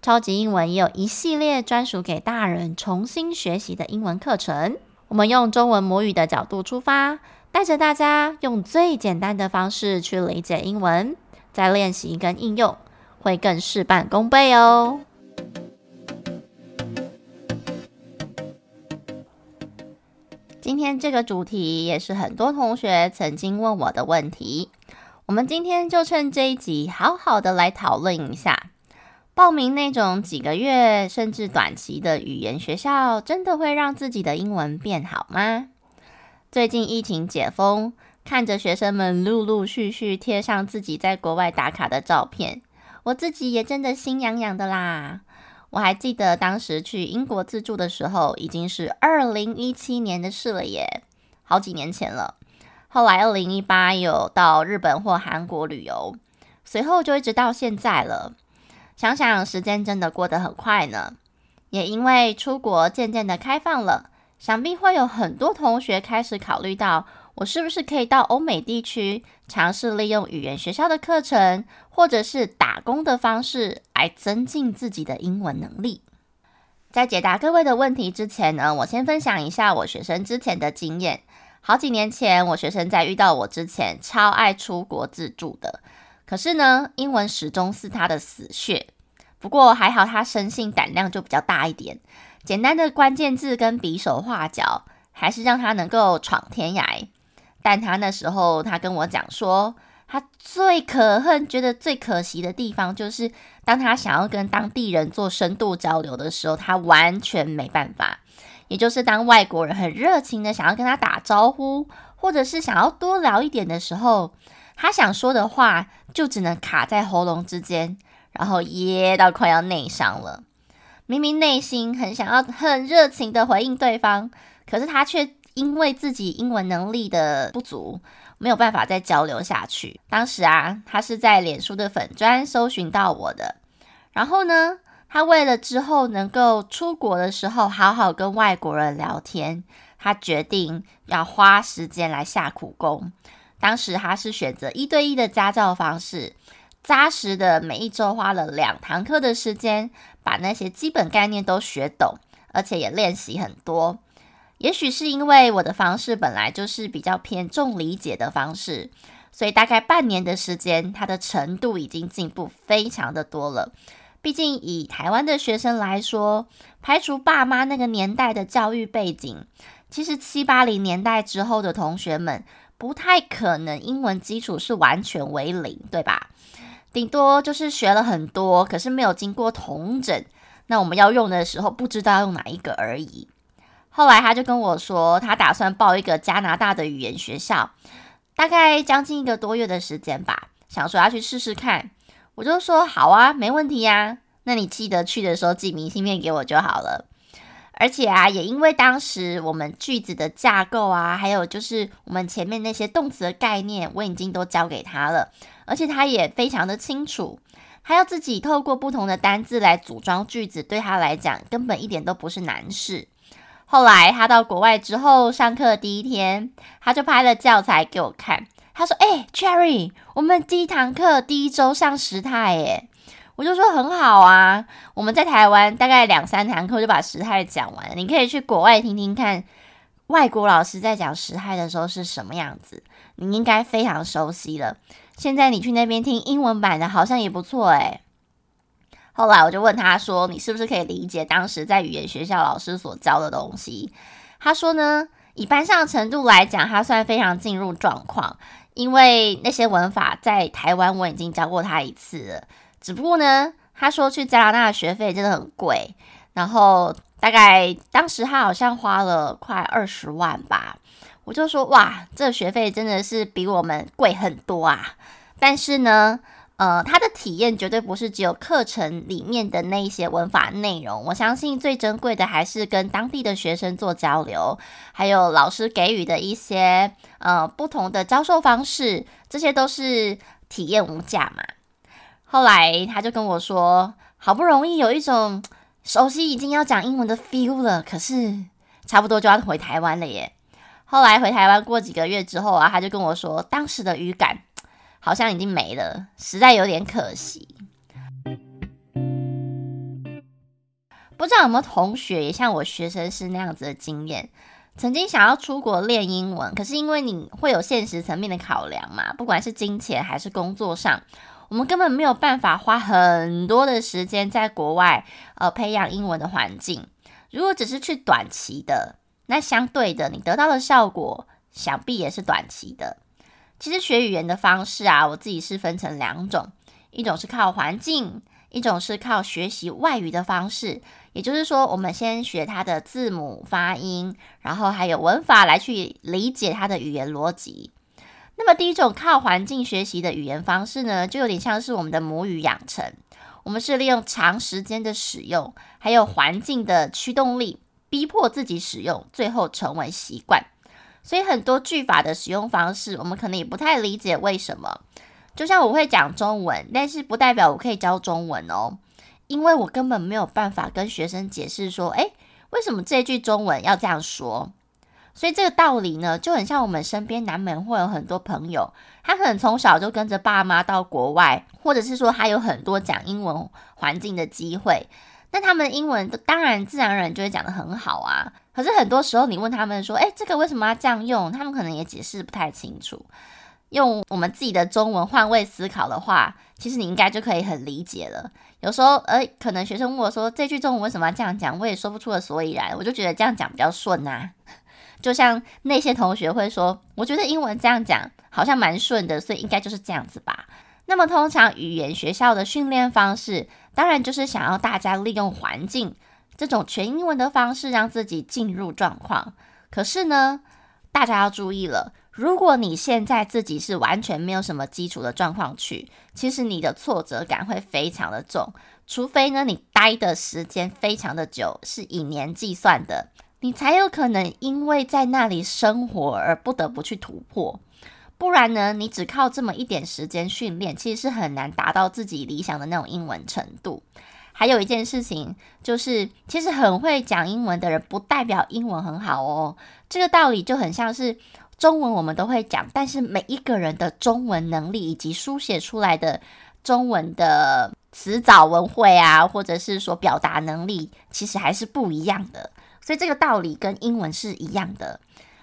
超級櫻文也有一系列專屬給大人重新學習的英文課程。我們用中文母語的角度出發，帶着大家用最簡單的方式去理解英文，再練習跟應用，會更事半功倍哦。今天這個主題也是很多同學曾經問我的問題，我們今天就趁這一集好好的來討論一下。報名那種幾個月甚至短期的語言學校，真的會讓自己的英文變好嗎？最近疫情解封，看着學生們陸陸續續貼上自己在國外打卡的照片，我自己也真的心癢癢的啦。我還記得當時去英國自助的時候，已經是二零一七年的事了耶，好幾年前了。後來二零一八有到日本或韓國旅遊，隨後就一直到現在了。想想時間真的過得很快呢，也因為出國漸漸的開放了，想必會有很多同學開始考慮到，我是不是可以到歐美地區嘗試利用語言學校的課程，或者是打工的方式來增進自己的英文能力。在解答各位的問題之前呢，我先分享一下我學生之前的經驗。好幾年前，我學生在遇到我之前，超愛出國自助的。可是呢，英文始終是他的死穴。不過還好，他生性膽量就比較大一點，簡單的關鍵字跟比手畫腳，還是讓他能夠闖天涯。但他那時候，他跟我講說，他最可恨、覺得最可惜的地方，就是當他想要跟當地人做深度交流的時候，他完全沒辦法。也就是當外國人很熱情的想要跟他打招呼，或者是想要多聊一點的時候。他想說的話就只能卡在喉嚨之間，然後噎到快要內傷了。明明內心很想要、很熱情的回應對方，可是他卻因為自己英文能力的不足，沒有辦法再交流下去。當時啊，他是在臉書的粉專搜尋到我的，然後呢，他為了之後能夠出國的時候好好跟外國人聊天，他決定要花時間來下苦功。當時他是選擇一對一的家教方式，扎實的每一周花了兩堂課的時間，把那些基本概念都學懂，而且也練習很多。也許是因為我的方式本來就是比較偏重理解的方式，所以大概半年的時間，他的程度已經進步非常的多了。畢竟以台灣的學生來說，排除爸媽那個年代的教育背景，其實七八零年代之後的同學們，不太可能，英文基礎是完全為零，對吧？頂多就是學了很多，可是沒有經過統整。那我們要用的時候，不知道要用哪一個而已。後來他就跟我說，他打算報一個加拿大的語言學校，大概將近一個多月的時間吧，想說要去試試看。我就說好啊，沒問題呀、啊。那你記得去的時候寄明信片給我就好了。而且啊，也因為當時我們句子的架構啊，還有就是我們前面那些動詞的概念，我已經都教給他了。而且他也非常的清楚，他要自己透過不同的單字來組裝句子，對他來講根本一點都不是難事。後來他到國外之後，上課第一天，他就拍了教材給我看，他說：“誒，欸，Cherry，我們第一堂課第一周上時態，欸，誒。”我就說，很好啊，我們在台灣大概兩三堂課就把時態講完了。你可以去國外聽聽看，外國老師在講時態的時候是什麼樣子，你應該非常熟悉了。現在你去那邊聽英文版的，好像也不錯誒。後來我就問他說，你是不是可以理解當時在語言學校老師所教的東西？他說呢，以班上程度來講，他算非常進入狀況，因為那些文法在台灣我已經教過他一次了。只不過呢，他說去加拿大的學費真的很貴，然後大概當時他好像花了快二十萬吧。我就說哇，這學費真的是比我們貴很多啊！但是呢，呃，他的體驗絕對不是只有課程裡面的那一些文法內容。我相信最珍貴的還是跟當地的學生做交流，還有老師給予的一些呃不同的教授方式，這些都是體驗無價嘛。後來他就跟我說：“好不容易有一種熟悉已經要講英文的 feel 了，可是差不多就要回台灣了耶。”後來回台灣過幾個月之後啊，他就跟我說：“當時的語感好像已經沒了，實在有點可惜。”不知道有沒有同學也像我學生是那樣子的經驗，曾經想要出國練英文，可是因為你會有現實層面的考量嘛，不管是金錢還是工作上。我們根本沒有辦法花很多的時間在國外，呃，培養英文的環境。如果只是去短期的，那相對的，你得到的效果想必也是短期的。其實學語言的方式啊，我自己是分成兩種，一種是靠環境，一種是靠學習外語的方式。也就是說，我們先學它的字母發音，然後還有文法來去理解它的語言邏輯。那麼，第一種靠環境學習的語言方式呢，就有點像是我們的母語養成。我們是利用長時間的使用，還有環境的驅動力，逼迫自己使用，最後成為習慣。所以，很多句法的使用方式，我們可能也不太理解為什麼。就像我會講中文，但是不代表我可以教中文哦，因為我根本沒有辦法跟學生解釋說，誒，為什麼這句中文要這樣說。所以這個道理呢，就很像我們身邊難免會有很多朋友，他可能從小就跟着爸媽到國外，或者是說他有很多講英文環境的機會，那他們英文當然自然而然就會講得很好啊。可是很多時候你問他們說，誒、欸，這個為什麼要這樣用？他們可能也解釋不太清楚。用我們自己的中文換位思考的話，其實你應該就可以很理解了。有時候，呃，可能學生問我說，這句中文為什麼要這樣講？我也說不出個所以然，我就覺得這樣講比較順吶、啊。就像那些同學會說，我覺得英文這樣講好像蠻順的，所以應該就是這樣子吧。那麼，通常語言學校的訓練方式，當然就是想要大家利用環境這種全英文的方式，讓自己進入狀況。可是呢，大家要注意了，如果你現在自己是完全沒有什麼基礎的狀況去，其實你的挫折感會非常的重，除非呢，你待的時間非常的久，是以年計算的。你才有可能因為在那裡生活而不得不去突破，不然呢，你只靠這麼一點時間訓練，其實是很難達到自己理想的那種英文程度。還有一件事情就是，其實很會講英文的人，不代表英文很好哦。這個道理就很像是中文，我們都會講，但是每一個人的中文能力以及書寫出來的中文的詞藻文彙啊，或者是說表達能力，其實還是不一樣的。所以這個道理跟英文是一樣的，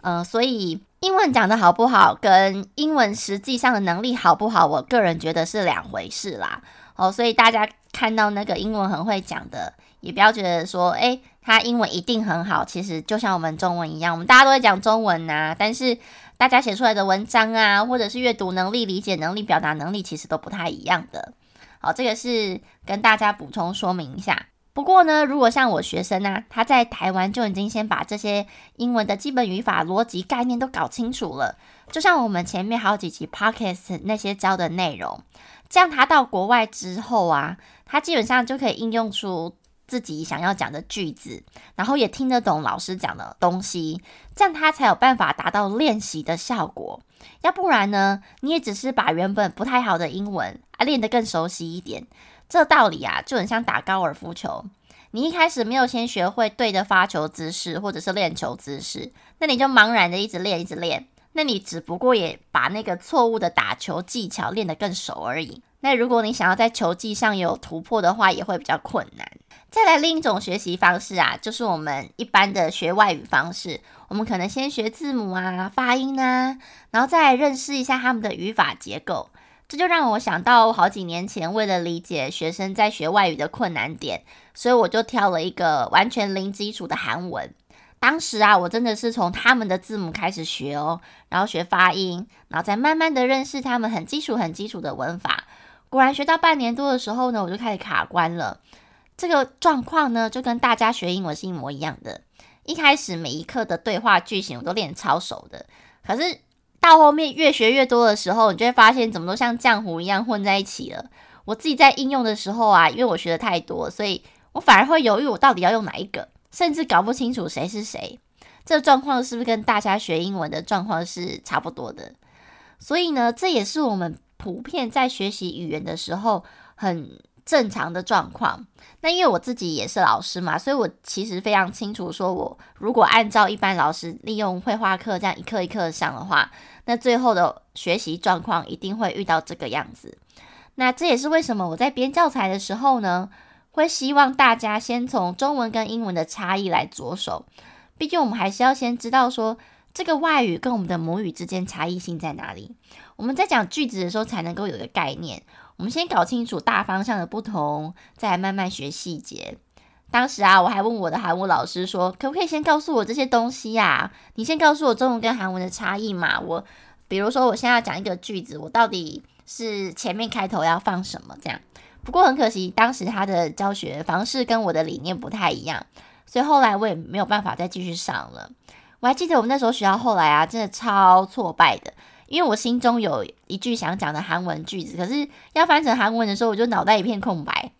嗯、呃，所以英文講得好不好，跟英文實際上的能力好不好，我個人覺得是兩回事啦。哦，所以大家看到那個英文很會講的，也不要覺得說，誒，他英文一定很好。其實就像我們中文一樣，我們大家都會講中文啊，但是大家寫出來的文章啊，或者是閱讀能力、理解能力、表達能力，其實都不太一樣的。好、哦，這個是跟大家補充說明一下。不過呢，如果像我學生啊，他在台灣就已經先把這些英文的基本語法、邏輯概念都搞清楚了，就像我們前面好幾集 podcast 那些教的內容，這樣他到國外之後啊，他基本上就可以應用出自己想要講的句子，然後也聽得懂老師講的東西，這樣他才有辦法達到練習的效果。要不然呢，你也只是把原本不太好的英文啊練得更熟悉一點。這道理啊，就很像打高爾夫球。你一開始沒有先學會對的發球姿勢，或者是練球姿勢，那你就茫然的一直練，一直練，那你只不過也把那個錯誤的打球技巧練得更熟而已。那如果你想要在球技上有突破的話，也會比較困難。再來另一種學習方式啊，就是我們一般的學外語方式，我們可能先學字母啊、發音啊，然後再來認識一下他們的語法結構。這就讓我想到我好幾年前，為了理解學生在學外語的困難點，所以我就挑了一個完全零基礎的韓文。當時啊，我真的是從他們的字母開始學哦，然後學發音，然後再慢慢的認識他們很基礎、很基礎的文法。果然學到半年多的時候呢，我就開始卡關了。這個狀況呢，就跟大家學英文是一模一樣的。一開始每一課的對話句型我都練超熟的，可是，到後面越學越多的時候，你就會發現怎麼都像漿糊一樣混在一起了。我自己在應用的時候啊，因為我學得太多，所以我反而會猶豫，我到底要用哪一個，甚至搞不清楚誰是誰。這狀況是不是跟大家學英文的狀況是差不多的？所以呢，這也是我們普遍在學習語言的時候很正常的狀況。那因為我自己也是老師嘛，所以我其實非常清楚，說我如果按照一般老師利用繪畫課這樣一課一課上的話。那最後的學習狀況一定會遇到這個樣子。那這也是為什麼我在編教材的時候呢，會希望大家先從中文跟英文的差異來着手。畢竟我們還是要先知道說這個外語跟我們的母語之間差異性在哪裡。我們在講句子的時候才能夠有個概念。我們先搞清楚大方向的不同，再來慢慢學細節。當時啊，我還問我的韓文老師說：“可不可以先告訴我這些東西呀、啊？你先告訴我中文跟韓文的差異嘛。我比如說，我現在要講一個句子，我到底是前面開頭要放什麼這樣？不過很可惜，當時他的教學方式跟我的理念不太一樣，所以後來我也沒有辦法再繼續上了。我還記得我們那時候學校後來啊，真的超挫敗的，因為我心中有一句想講的韓文句子，可是要翻成韓文的時候，我就腦袋一片空白。”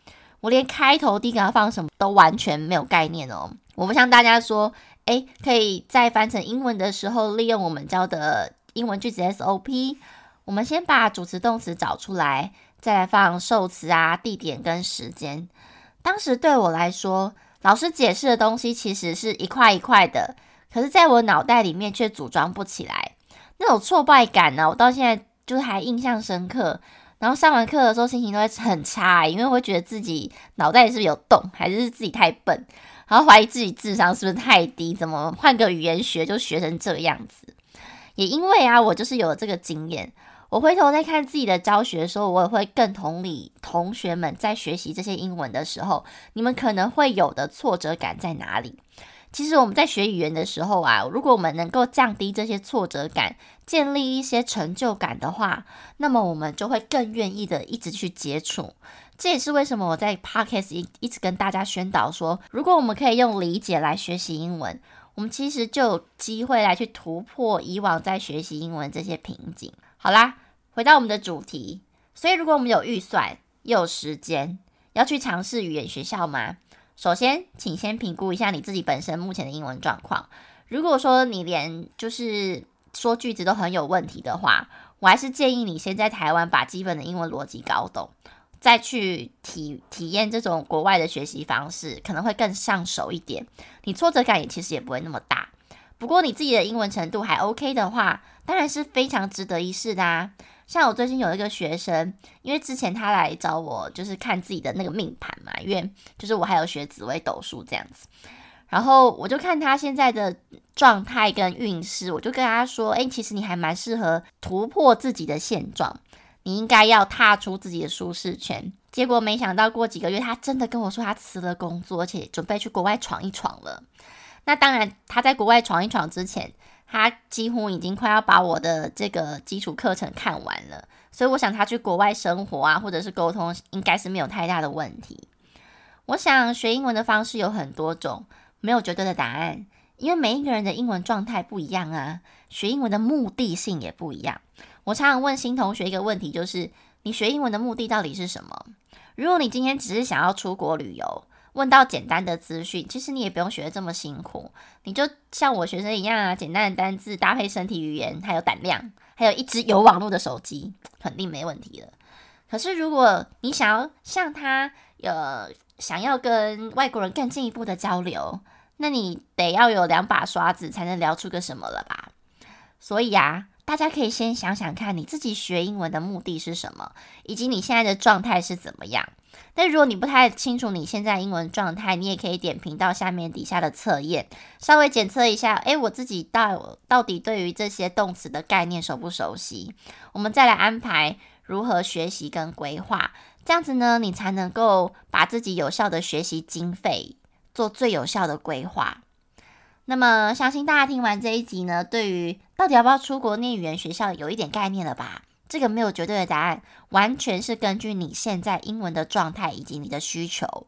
我連開頭第一個要放什麼都完全沒有概念哦。我不像大家說，哎、欸，可以在翻成英文的時候利用我們教的英文句子 S O P。我們先把主詞動詞找出來，再來放受詞啊、地點跟時間。當時對我來說，老師解釋的東西其實是一塊一塊的，可是在我腦袋裡面卻組裝不起來。那種挫敗感呢、啊，我到現在就是還印象深刻。然後上完課的時候，心情都會很差，因為我會覺得自己腦袋是不是有洞，還是，是自己太笨，然後懷疑自己智商是不是太低，怎麼換個語言學就學成這樣子？也因為啊，我就是有了這個經驗，我回頭再看自己的教學的時候，我也會更同理同學們在學習這些英文的時候，你們可能會有的挫折感在哪裡？其實我們在學語言的時候啊，如果我們能夠降低這些挫折感，建立一些成就感的話，那麼我們就會更願意的一直去接觸。這也是為什麼我在 podcast 一一直跟大家宣導說，如果我們可以用理解來學習英文，我們其實就有機會來去突破以往在學習英文這些瓶頸。好啦，回到我們的主題，所以如果我們有預算、有時間，要去嘗試語言學校嗎？首先，請先評估一下你自己本身目前的英文狀況。如果說你連就是說句子都很有問題的話，我還是建議你先在台灣把基本的英文邏輯搞懂，再去體體驗這種國外的學習方式，可能會更上手一點。你挫折感也其實也不會那麼大。不過你自己的英文程度還 OK 的話，當然是非常值得一試的啊！像我最近有一個學生，因為之前他來找我，就是看自己的那個命盤嘛，因為就是我還有學紫微斗數這樣子，然後我就看他現在的狀態跟運勢，我就跟他說：“哎、欸，其實你還蠻適合突破自己的現狀，你應該要踏出自己的舒適圈。”結果沒想到過幾個月，他真的跟我說他辭了工作，而且準備去國外闖一闖了。那當然，他在國外闖一闖之前。他幾乎已經快要把我的這個基礎課程看完了，所以我想他去國外生活啊，或者是溝通，應該是沒有太大的問題。我想學英文的方式有很多種，沒有絕對的答案，因為每一個人的英文狀態不一樣啊，學英文的目的性也不一樣。我常常問新同學一個問題，就是你學英文的目的到底是什麼？如果你今天只是想要出國旅遊，問到簡單的資訊，其實你也不用學得這麼辛苦，你就像我學生一樣啊，簡單的單字搭配身體語言，還有膽量，還有一支有網絡的手機，肯定沒問題的。可是如果你想要像他，呃，想要跟外國人更進一步的交流，那你得要有兩把刷子才能聊出個什麼了吧？所以啊。大家可以先想想看，你自己學英文的目的是什麼，以及你現在的狀態是怎麼樣。但如果你不太清楚你現在英文狀態，你也可以點頻道下面底下的測驗，稍微檢測一下。誒，我自己到到底對於這些動詞的概念熟不熟悉？我們再來安排如何學習跟規劃，這樣子呢，你才能夠把自己有效的學習經費做最有效的規劃。那麼相信大家聽完這一集呢，對於到底要不要出國念語言學校，有一點概念了吧？這個沒有絕對的答案，完全是根據你現在英文的狀態以及你的需求。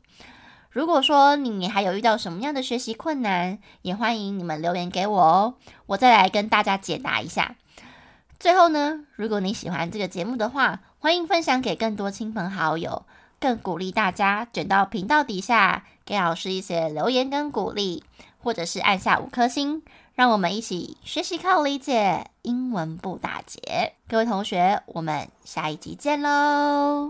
如果說你還有遇到什麼樣的學習困難，也歡迎你們留言給我哦，我再來跟大家解答一下。最後呢，如果你喜歡這個節目的話，歡迎分享給更多親朋好友，更鼓勵大家卷到頻道底下，給老師一些留言跟鼓勵。或者是按下五顆星，讓我們一起學習、靠理解英文不打結。各位同學，我們下一集見嘍！